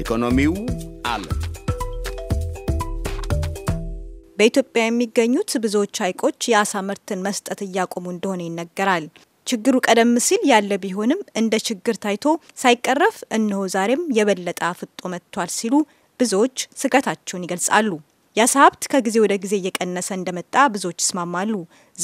ኢኮኖሚው አለ። በኢትዮጵያ የሚገኙት ብዙዎች ሐይቆች የአሳ ምርትን መስጠት እያቆሙ እንደሆነ ይነገራል። ችግሩ ቀደም ሲል ያለ ቢሆንም እንደ ችግር ታይቶ ሳይቀረፍ እነሆ ዛሬም የበለጠ አፍጦ መጥቷል ሲሉ ብዙዎች ስጋታቸውን ይገልጻሉ። የአሳ ሀብት ከጊዜ ወደ ጊዜ እየቀነሰ እንደመጣ ብዙዎች ይስማማሉ።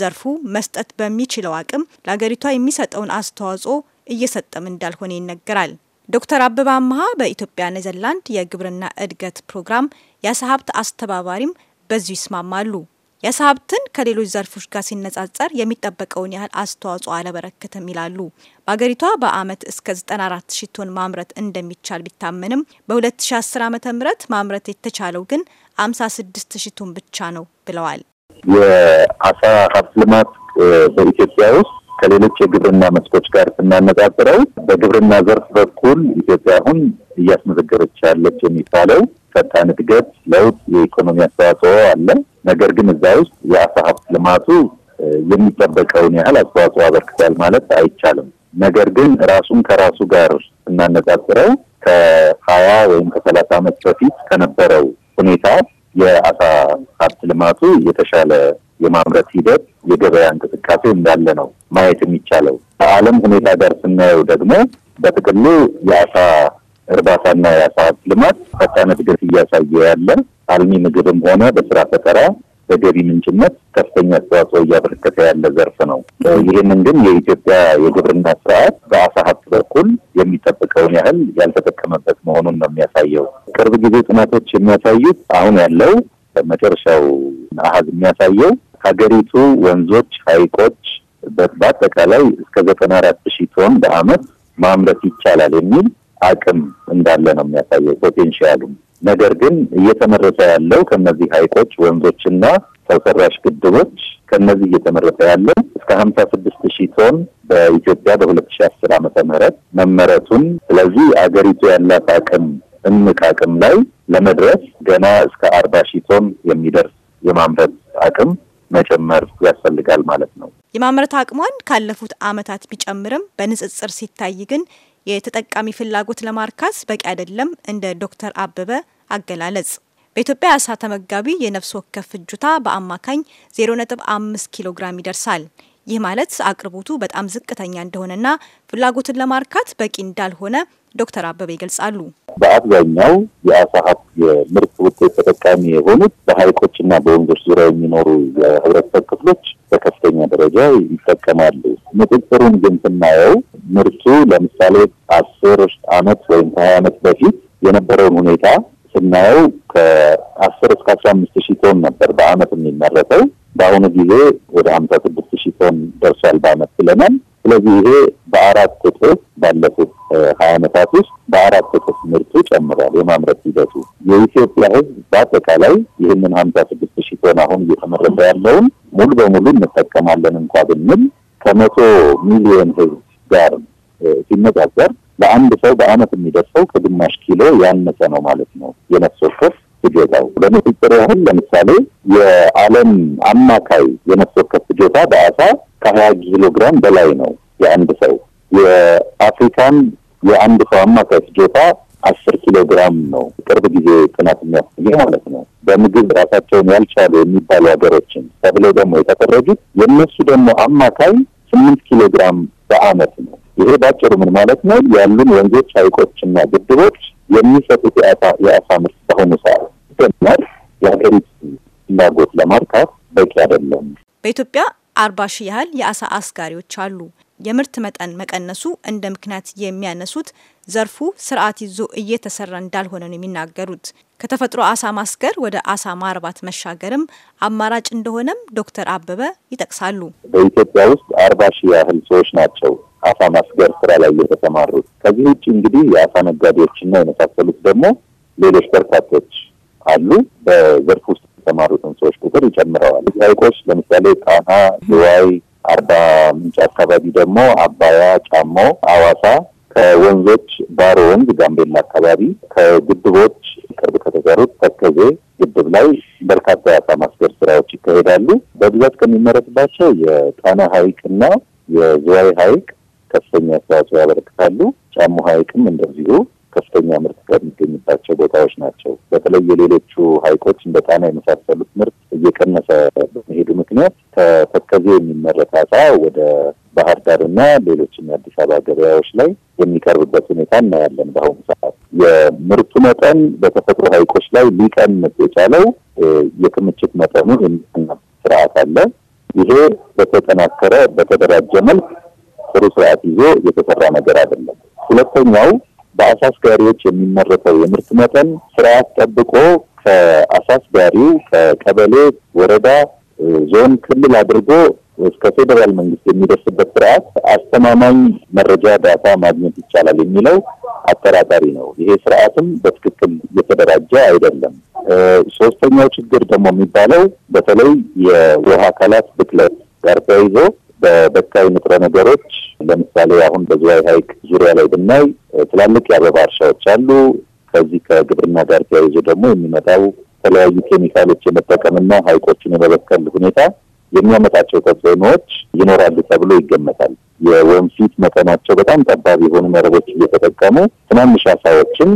ዘርፉ መስጠት በሚችለው አቅም ለሀገሪቷ የሚሰጠውን አስተዋጽኦ እየሰጠም እንዳልሆነ ይነገራል። ዶክተር አበባ አመሀ በኢትዮጵያ ኔዘርላንድ የግብርና እድገት ፕሮግራም የአሳ ሀብት አስተባባሪም በዚሁ ይስማማሉ። የአሳ ሀብትን ከሌሎች ዘርፎች ጋር ሲነጻጸር የሚጠበቀውን ያህል አስተዋጽኦ አለበረከትም ይላሉ። በአገሪቷ በአመት እስከ 94 ሺ ቶን ማምረት እንደሚቻል ቢታመንም በ2010 ዓ ም ማምረት የተቻለው ግን 56 ሺ ቶን ብቻ ነው ብለዋል። የአሳ ሀብት ልማት በኢትዮጵያ ውስጥ ከሌሎች የግብርና መስኮች ጋር ስናነጻጽረው በግብርና ዘርፍ በኩል ኢትዮጵያ አሁን እያስመዘገበች ያለች የሚባለው ፈጣን እድገት፣ ለውጥ፣ የኢኮኖሚ አስተዋጽኦ አለ። ነገር ግን እዛ ውስጥ የአሳ ሀብት ልማቱ የሚጠበቀውን ያህል አስተዋጽኦ አበርክቷል ማለት አይቻልም። ነገር ግን ራሱን ከራሱ ጋር ስናነጻጽረው ከሀያ ወይም ከሰላሳ ዓመት በፊት ከነበረው ሁኔታ የአሳ ሀብት ልማቱ የተሻለ የማምረት ሂደት የገበያ እንቅስቃሴ እንዳለ ነው ማየት የሚቻለው። ከዓለም ሁኔታ ጋር ስናየው ደግሞ በጥቅሉ የአሳ እርባታና የአሳ ሀብት ልማት ፈጣን እድገት እያሳየ ያለ አልሚ ምግብም ሆነ በስራ ፈጠራ በገቢ ምንጭነት ከፍተኛ አስተዋጽኦ እያበረከተ ያለ ዘርፍ ነው። ይህንን ግን የኢትዮጵያ የግብርና ስርዓት በአሳ ሀብት በኩል የሚጠብቀውን ያህል ያልተጠቀመበት መሆኑን ነው የሚያሳየው። ቅርብ ጊዜ ጥናቶች የሚያሳዩት አሁን ያለው መጨረሻው አሀዝ የሚያሳየው ሀገሪቱ ወንዞች፣ ሀይቆች በአጠቃላይ እስከ ዘጠና አራት ሺህ ቶን በአመት ማምረት ይቻላል የሚል አቅም እንዳለ ነው የሚያሳየው ፖቴንሽያሉ። ነገር ግን እየተመረተ ያለው ከነዚህ ሀይቆች ወንዞችና ሰው ሰራሽ ግድቦች ከነዚህ እየተመረተ ያለው እስከ ሀምሳ ስድስት ሺህ ቶን በኢትዮጵያ በሁለት ሺህ አስር ዓመተ ምህረት መመረቱን ስለዚህ አገሪቱ ያላት አቅም እምቅ አቅም ላይ ለመድረስ ገና እስከ አርባ ሺህ ቶን የሚደርስ የማምረት አቅም መጨመር ያስፈልጋል ማለት ነው። የማምረት አቅሟን ካለፉት ዓመታት ቢጨምርም በንጽጽር ሲታይ ግን የተጠቃሚ ፍላጎት ለማርካት በቂ አይደለም። እንደ ዶክተር አበበ አገላለጽ በኢትዮጵያ አሳ ተመጋቢ የነፍስ ወከፍ ፍጆታ በአማካኝ 0.5 ኪሎ ግራም ይደርሳል። ይህ ማለት አቅርቦቱ በጣም ዝቅተኛ እንደሆነና ፍላጎትን ለማርካት በቂ እንዳልሆነ ዶክተር አበበ ይገልጻሉ። በአብዛኛው የአሳ ሀብት የምርት ውጤት ተጠቃሚ የሆኑት በሀይቆችና በወንዞች ዙሪያ የሚኖሩ የህብረተሰብ ክፍሎች በከፍተኛ ደረጃ ይጠቀማሉ። ምጥጥሩን ግን ስናየው ምርቱ ለምሳሌ አስር አመት ወይም ከሀያ አመት በፊት የነበረውን ሁኔታ ስናየው ከአስር እስከ አስራ አምስት ሺህ ቶን ነበር በአመት የሚመረተው። በአሁኑ ጊዜ ወደ ሀምሳ ስድስት ሺህ ቶን ደርሷል በአመት ብለናል። ስለዚህ ይሄ በአራት እጥፍ ባለፉት ሀያ ዓመታት ውስጥ በአራት እጥፍ ምርቱ ጨምሯል። የማምረት ሂደቱ የኢትዮጵያ ህዝብ በአጠቃላይ ይህንን ሀምሳ ስድስት ሺህ ቶን አሁን እየተመረተ ያለውን ሙሉ በሙሉ እንጠቀማለን እንኳ ብንል ከመቶ ሚሊዮን ህዝብ ጋር ሲነጋገር ለአንድ ሰው በአመት የሚደርሰው ከግማሽ ኪሎ ያነሰ ነው ማለት ነው የነፍስ ወከፍ ፍጆታው። ለንጽጽር ያህል ለምሳሌ የዓለም አማካይ የነፍስ ወከፍ ፍጆታ በአሳ ከሀያ ኪሎ ግራም በላይ ነው የአንድ ሰው። የአፍሪካን የአንድ ሰው አማካይ ፍጆታ አስር ኪሎ ግራም ነው። ቅርብ ጊዜ ጥናት የሚያስገኘው ማለት ነው። በምግብ ራሳቸውን ያልቻሉ የሚባሉ ሀገሮችን ተብለው ደግሞ የተፈረጁት የእነሱ ደግሞ አማካይ ስምንት ኪሎ ግራም በአመት ነው። ይሄ ባጭሩ ምን ማለት ነው? ያሉን ወንዞች፣ ሐይቆችና ግድቦች የሚሰጡት የአሳ ምርት በአሁኑ ሰዓት ይገኛል የሀገሪቱ ፍላጎት ለማርካት በቂ አይደለም። በኢትዮጵያ አርባ ሺህ ያህል የአሳ አስጋሪዎች አሉ። የምርት መጠን መቀነሱ እንደ ምክንያት የሚያነሱት ዘርፉ ስርዓት ይዞ እየተሰራ እንዳልሆነ ነው የሚናገሩት። ከተፈጥሮ አሳ ማስገር ወደ አሳ ማርባት መሻገርም አማራጭ እንደሆነም ዶክተር አበበ ይጠቅሳሉ። በኢትዮጵያ ውስጥ አርባ ሺህ ያህል ሰዎች ናቸው አሳ ማስገር ስራ ላይ እየተሰማሩት። ከዚህ ውጭ እንግዲህ የአሳ ነጋዴዎችና የመሳሰሉት ደግሞ ሌሎች በርካቶች አሉ። በዘርፍ ውስጥ የተሰማሩትን ሰዎች ቁጥር ይጨምረዋል። ሐይቆች ለምሳሌ ጣና፣ ዝዋይ አርባ ምንጭ አካባቢ ደግሞ አባያ፣ ጫሞ፣ አዋሳ ከወንዞች ባሮ ወንዝ ጋምቤላ አካባቢ ከግድቦች ቅርብ ከተሰሩት ተከዜ ግድብ ላይ በርካታ የአሳ ማስገር ስራዎች ይካሄዳሉ። በብዛት ከሚመረጥባቸው የጣና ሐይቅና የዝዋይ ሐይቅ ከፍተኛ አስተዋጽኦ ያበረክታሉ። ጫሞ ሐይቅም እንደዚሁ ከፍተኛ ምርት ከሚገኝባቸው ቦታዎች ናቸው። በተለይ የሌሎቹ ሀይቆች እንደ ጣና የመሳሰሉት ምርት እየቀነሰ በመሄዱ ምክንያት ከተከዜ የሚመረት አሳ ወደ ባህር ዳርና ሌሎችም የአዲስ አበባ ገበያዎች ላይ የሚቀርብበት ሁኔታ እናያለን። በአሁኑ ሰዓት የምርቱ መጠን በተፈጥሮ ሀይቆች ላይ ሊቀንስ የቻለው የክምችት መጠኑ የሚቀና ስርዓት አለ። ይሄ በተጠናከረ በተደራጀ መልክ ጥሩ ስርዓት ይዞ የተሰራ ነገር አይደለም። ሁለተኛው በአሳ የሚመረተው የምርት መጠን ስርዓት ጠብቆ ከአሳስጋሪው ከቀበሌ፣ ወረዳ፣ ዞን፣ ክልል አድርጎ እስከ ፌዴራል መንግስት የሚደርስበት ስርዓት አስተማማኝ መረጃ ዳታ ማግኘት ይቻላል የሚለው አጠራጣሪ ነው። ይሄ ስርዓትም በትክክል እየተደራጀ አይደለም። ሶስተኛው ችግር ደግሞ የሚባለው በተለይ የውሃ አካላት ብክለት ጋር ተያይዞ በበካይ ንጥረ ነገሮች ለምሳሌ አሁን በዝዋይ ሐይቅ ዙሪያ ላይ ብናይ ትላልቅ የአበባ እርሻዎች አሉ። ከዚህ ከግብርና ጋር ተያይዞ ደግሞ የሚመጣው የተለያዩ ኬሚካሎች የመጠቀምና ሐይቆችን የመበከል ሁኔታ የሚያመጣቸው ተጽዕኖዎች ይኖራሉ ተብሎ ይገመታል። የወንፊት መጠናቸው በጣም ጠባብ የሆኑ መረቦች እየተጠቀሙ ትናንሽ አሳዎችን፣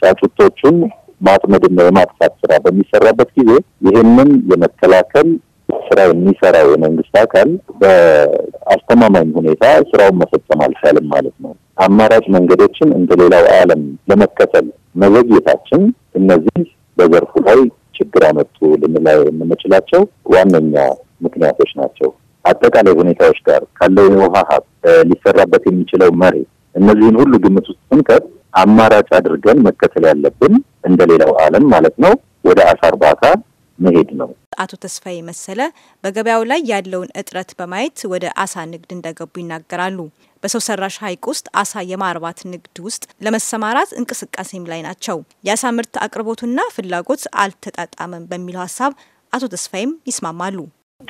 ጫጩቶቹን ማጥመድና የማጥፋት ስራ በሚሰራበት ጊዜ ይህንን የመከላከል ስራ የሚሰራው የመንግስት አካል በአስተማማኝ ሁኔታ ስራውን መፈጸም አልቻልም ማለት ነው። አማራጭ መንገዶችን እንደ ሌላው ዓለም ለመከተል መዘግየታችን እነዚህ በዘርፉ ላይ ችግር አመጡ ልንላይ የምንችላቸው ዋነኛ ምክንያቶች ናቸው። አጠቃላይ ሁኔታዎች ጋር ካለው የውሃ ሀብት ሊሰራበት የሚችለው መሬ፣ እነዚህን ሁሉ ግምት ውስጥ ስንከት አማራጭ አድርገን መከተል ያለብን እንደ ሌላው ዓለም ማለት ነው ወደ አሳ እርባታ መሄድ ነው። አቶ ተስፋዬ መሰለ በገበያው ላይ ያለውን እጥረት በማየት ወደ አሳ ንግድ እንደገቡ ይናገራሉ። በሰው ሰራሽ ሐይቅ ውስጥ አሳ የማርባት ንግድ ውስጥ ለመሰማራት እንቅስቃሴም ላይ ናቸው። የአሳ ምርት አቅርቦቱና ፍላጎት አልተጣጣመም በሚለው ሀሳብ አቶ ተስፋዬም ይስማማሉ።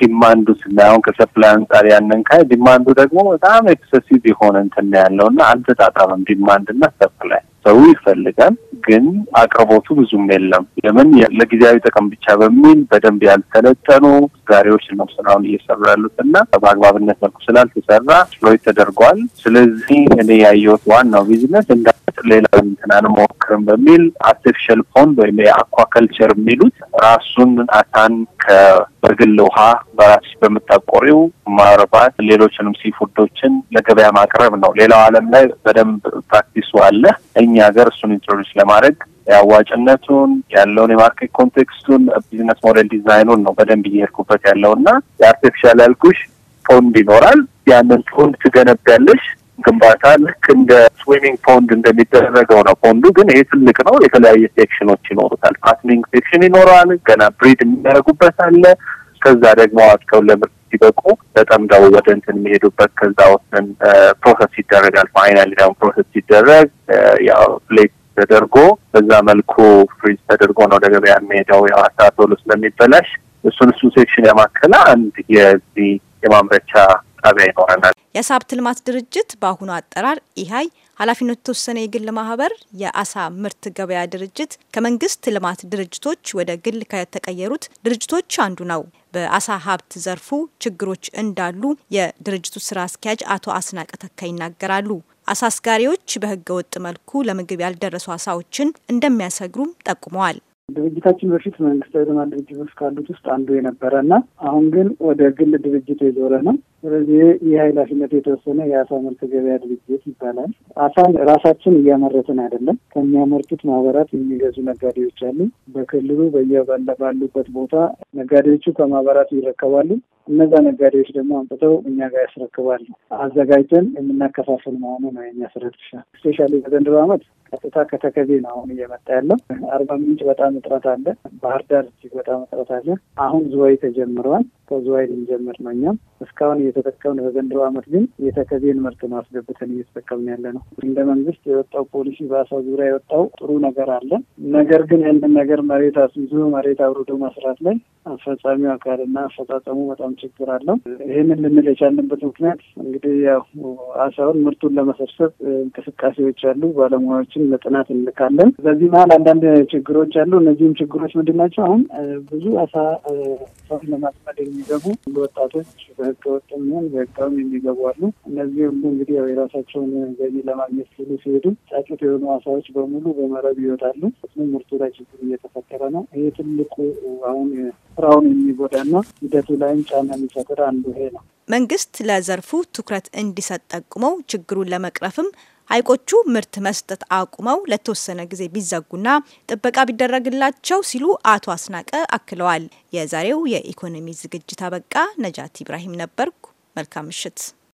ዲማንዱ ስናይ አሁን ከሰፕላይ አንጻር ያንን ካይ ዲማንዱ ደግሞ በጣም ኤክሰሲቭ የሆነ እንትን ያለው እና አልተጣጣመም ዲማንድና ሰፕላይ ሰው ይፈልጋል ግን አቅርቦቱ ብዙም የለም። ለምን ለጊዜያዊ ጥቅም ብቻ በሚል በደንብ ያልተለጠኑ ጋሪዎች ነው ስራውን እየሰሩ ያሉት እና በአግባብነት መልኩ ስላልተሰራ ስሎይ ተደርጓል። ስለዚህ እኔ ያየሁት ዋናው ቢዝነስ እንዳ ሌላው እንትን አልሞክርም በሚል አርቲፊሻል ፎንድ ወይም የአኳከልቸር የሚሉት ራሱን አሳን ከበግል ውሃ በራስሽ በምታቆሪው ማርባት ሌሎችንም ሲፉዶችን ለገበያ ማቅረብ ነው። ሌላው ዓለም ላይ በደንብ ፕራክቲሱ አለ። እኛ ሀገር እሱን ኢንትሮዲስ ለማድረግ የአዋጭነቱን ያለውን የማርኬት ኮንቴክስቱን ቢዝነስ ሞዴል ዲዛይኑን ነው በደንብ እየሄድኩበት ያለው እና የአርቲፊሻል ያልኩሽ ፎንድ ይኖራል። ያንን ፎንድ ትገነቢያለሽ። ግንባታ ልክ እንደ ስዊሚንግ ፖንድ እንደሚደረገው ነው። ፖንዱ ግን ይሄ ትልቅ ነው። የተለያየ ሴክሽኖች ይኖሩታል። ፓትኒንግ ሴክሽን ይኖረዋል። ገና ብሪድ የሚደረጉበት አለ። ከዛ ደግሞ አዋጥተው ለምርት ሲበቁ ተጠምደው ወደ እንትን የሚሄዱበት ከዛ ወስን ፕሮሰስ ይደረጋል። ፋይናል ደግሞ ፕሮሰስ ሲደረግ ያው ፕሌት ተደርጎ በዛ መልኩ ፍሪዝ ተደርጎ ነው ወደ ገበያ የሚሄደው። ያው አሳቶሎ ስለሚበላሽ እሱን እሱን ሴክሽን ያማከለ አንድ የዚህ የማምረቻ ጣቢያ ይኖረናል። የአሳ ሀብት ልማት ድርጅት በአሁኑ አጠራር ኢሀይ ኃላፊነት የተወሰነ የግል ማህበር የአሳ ምርት ገበያ ድርጅት ከመንግስት ልማት ድርጅቶች ወደ ግል ከተቀየሩት ድርጅቶች አንዱ ነው። በአሳ ሀብት ዘርፉ ችግሮች እንዳሉ የድርጅቱ ስራ አስኪያጅ አቶ አስናቀ ተካ ይናገራሉ። አሳ አስጋሪዎች በህገ ወጥ መልኩ ለምግብ ያልደረሱ አሳዎችን እንደሚያሰግሩም ጠቁመዋል። ድርጅታችን በፊት መንግስታዊ ልማት ድርጅቶች ካሉት ውስጥ አንዱ የነበረ እና አሁን ግን ወደ ግል ድርጅት የዞረ ነው። ስለዚህ ይህ ኃላፊነቱ የተወሰነ የአሳ ምርት ገበያ ድርጅት ይባላል። አሳን ራሳችን እያመረትን አይደለም። ከሚያመርቱት ማህበራት የሚገዙ ነጋዴዎች አሉ። በክልሉ ባሉበት ቦታ ነጋዴዎቹ ከማህበራት ይረከባሉ። እነዛ ነጋዴዎች ደግሞ አምጥተው እኛ ጋር ያስረክባሉ። አዘጋጅተን የምናከፋፍል መሆኑ ነው የኛ ስፔሻሊ በዘንድሮ ዓመት ቀጥታ ከተከዜ ነው አሁን እየመጣ ያለው። አርባ ምንጭ በጣም እጥረት አለ። ባህር ዳር እጅግ በጣም እጥረት አለ። አሁን ዝዋይ ተጀምረዋል። ከዝዋይ ልንጀምር ነው። እኛም እስካሁን እየተጠቀምን በዘንድሮ ዓመት ግን የተከዜን ምርት ነው አስገብተን እየተጠቀምን ያለ ነው። እንደ መንግስት የወጣው ፖሊሲ በአሳ ዙሪያ የወጣው ጥሩ ነገር አለ። ነገር ግን ያንን ነገር መሬት አስይዞ መሬት አውርዶ መስራት ላይ አስፈጻሚው አካልና አፈጻጸሙ በጣም ችግር አለው። ይህንን ልንል የቻልንበት ምክንያት እንግዲህ ያው አሳውን ምርቱን ለመሰብሰብ እንቅስቃሴዎች አሉ። ባለሙያዎችን ለጥናት እንልካለን። በዚህ መሀል አንዳንድ ችግሮች አሉ። እነዚህም ችግሮች ምንድን ናቸው? አሁን ብዙ አሳ ሰውን ለማጥመድ የሚገቡ ወጣቶች በህገወጥ የሚሆን በህጋም የሚገቡ አሉ። እነዚህ ሁሉ እንግዲህ ያው የራሳቸውን ገቢ ለማግኘት ሲሉ ሲሄዱ ጫጩት የሆኑ አሳዎች በሙሉ በመረብ ይወጣሉ። ምርቱ ላይ ችግር እየተፈጠረ ነው። ይሄ ትልቁ አሁን ስራውን የሚጎዳና ሂደቱ ላይም ጫና የሚፈጥር አንዱ ይሄ ነው። መንግስት ለዘርፉ ትኩረት እንዲሰጥ ጠቁመው ችግሩን ለመቅረፍም ሐይቆቹ ምርት መስጠት አቁመው ለተወሰነ ጊዜ ቢዘጉና ጥበቃ ቢደረግላቸው ሲሉ አቶ አስናቀ አክለዋል። የዛሬው የኢኮኖሚ ዝግጅት አበቃ። ነጃት ኢብራሂም ነበርኩ። መልካም ምሽት።